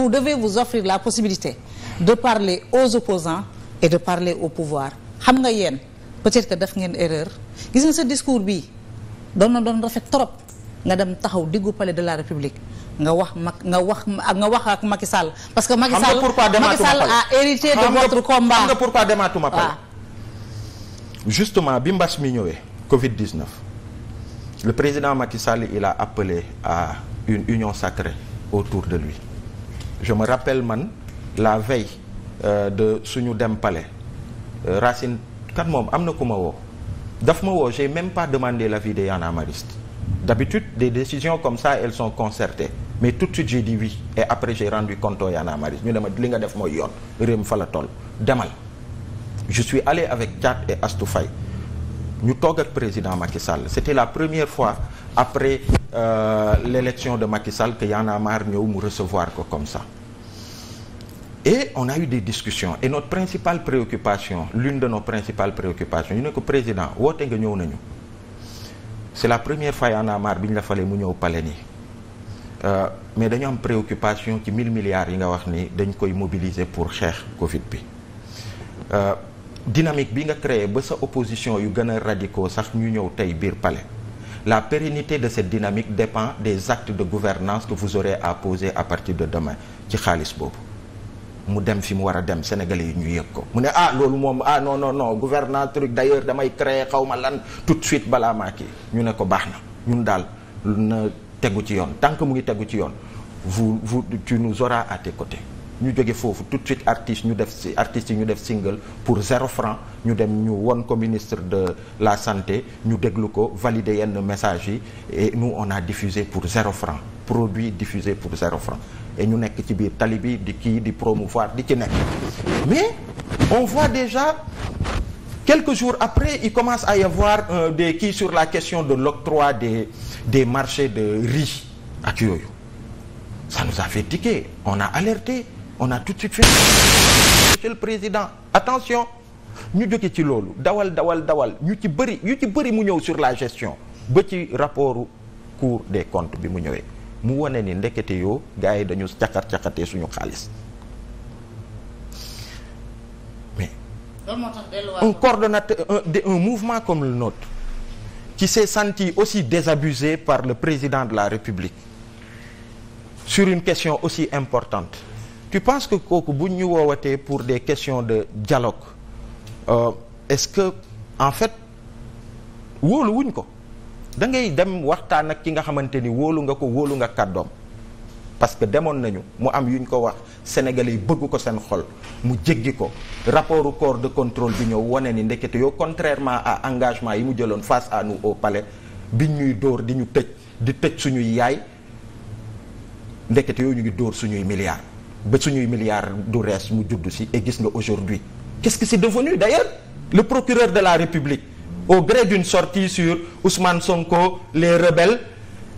vous devez vous offrir la possibilité de parler aux opposants et de parler au pouvoir xam nga yéen peut-être que def ngeen erreur gis nga sa discours bi doon na doon rafet trop nga dem taxaw diggu palais de la république nga wax mag nga wax nga wax ak Macky Sall parce que Macky Sall Macky Sall a hérité de votre combat xam nga pourquoi demaatuma palais justement bi mbas mi ñëwee Covid le président Macky Sall il a appelé à une union sacrée autour de lui je me rappelle man la veille euh, de suñu dem pale euh, Racine kat moom am na ku ma woo daf ma woo j'ai même pas demandé l'avis des Y'en a marristes d'habitude des décisions comme ça elles sont concertées mais tout de suite j'ai dit oui et après j'ai rendu compte aux Y'en ñu ne ma li nga def mooy yoon réew mi fa la tool demal je suis allé avec Thiat et Astou ñu toog ak président Macky Sall c'était la première fois après euh, l'élection de Macky Sall que ñëw mu recevoir ko comme ça et on a eu des discussions et notre principale préoccupation l'une de nos principales préoccupations ñu ne ko président woote nga ñëw nañu c'est la première fois Y'en bi ñu la falee mu ñëw pale ni Euh, mais dañu am préoccupation ci mille milliards yi nga wax ni dañu koy mobiliser pour xeex Covid bi euh, dynamique bi nga créé ba sa opposition yu gën a radicaux sax ñu ñëw tey biir pale La pérennité de cette dynamique dépend des actes de gouvernance que vous aurez à poser à partir de demain ci xaalis boobu mu dem fi mu war a dem sénégalais yi ñu yëg ko mu ne ah loolu moom ah non no non gouvernance truc d'ailleurs damay créer xawma lan tout suite balaa maa kii ñu ne ko baax na ñun daal na tegu ci yoon tant que mu ngi tegu ci yoon vous vous tu nous auras à tes côtés ñu jóge foofu tout de suite artiste ñu def si artistes yi ñu def single pour zéro franc ñu dem ñu won ko ministre de la santé ñu déglu ko valider yenn message yi et nous on a diffusé pour zéro franc produit diffusé pour zéro franc et ñu nekk ci biir tali bi di kii di promouvoir di ci nekk mais on voit déjà quelques jours après il commence à y avoir euh, des kii sur la question de l'octroi des des marchés de riz ak yooyu ça nous a fait tiquer on a alerté on a tout de suite monsieur le président attention ñu jóge ci loolu dawal dawal dawal ñu ci bëri yu ci bëri mu ñëw sur la gestion ba ci rapportu cour des comptes bi mu ñëwee mu wane ni ndekete yoo gars yi dañu caqar caqatee suñu xaalis mais un coordonnateur un, un mouvement comme le nôtre qui s'est senti aussi désabusé par le président de la République sur une question aussi importante tu penses que kooku bu ñu woowatee pour des questions de dialogue euh, est-ce que en fait wóolu wuñ ko da ngay dem waxtaan ak ki nga xamante ni wóolu nga ko wóolu nga kàddoom parce que demoon nañu mu am yuñ ko wax sénégalais yi bëgg ko seen xol mu jéggi ko rapportu corps de contrôle bi ñëw wane ni ndekete yoo contrairement à engagement yi mu jëloon face à nous au palais bi ñuy dóor di ñu tëj di tëj suñuy yaay ndekete yoo ngi dóor suñuy milliards ba suñuy milliards du rees mu juddu si et gis nga aujourd'hui qu'est-ce que c'est devenu d'ailleurs le procureur de la République au gré d'une sortie sur Ousmane Sonko les rebelles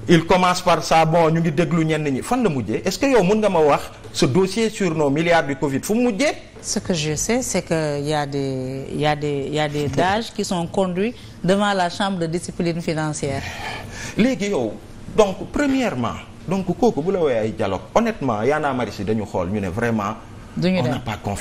il commence par ça ñu ngi déglu ñenn ñi fan la mujjee est-ce que yow mun nga ma wax ce dossier sur nos milliards du Covid fu mu mujjee. ce que je sais c'est que y a des y a des y a des DAGE qui sont conduits devant la chambre de discipline financière. léegi yow donc premièrement. donc kooku bu la woowee ay dialogue honnêtement Y'en a marre dañu xool ñu ne vraiment on n'a pas confiance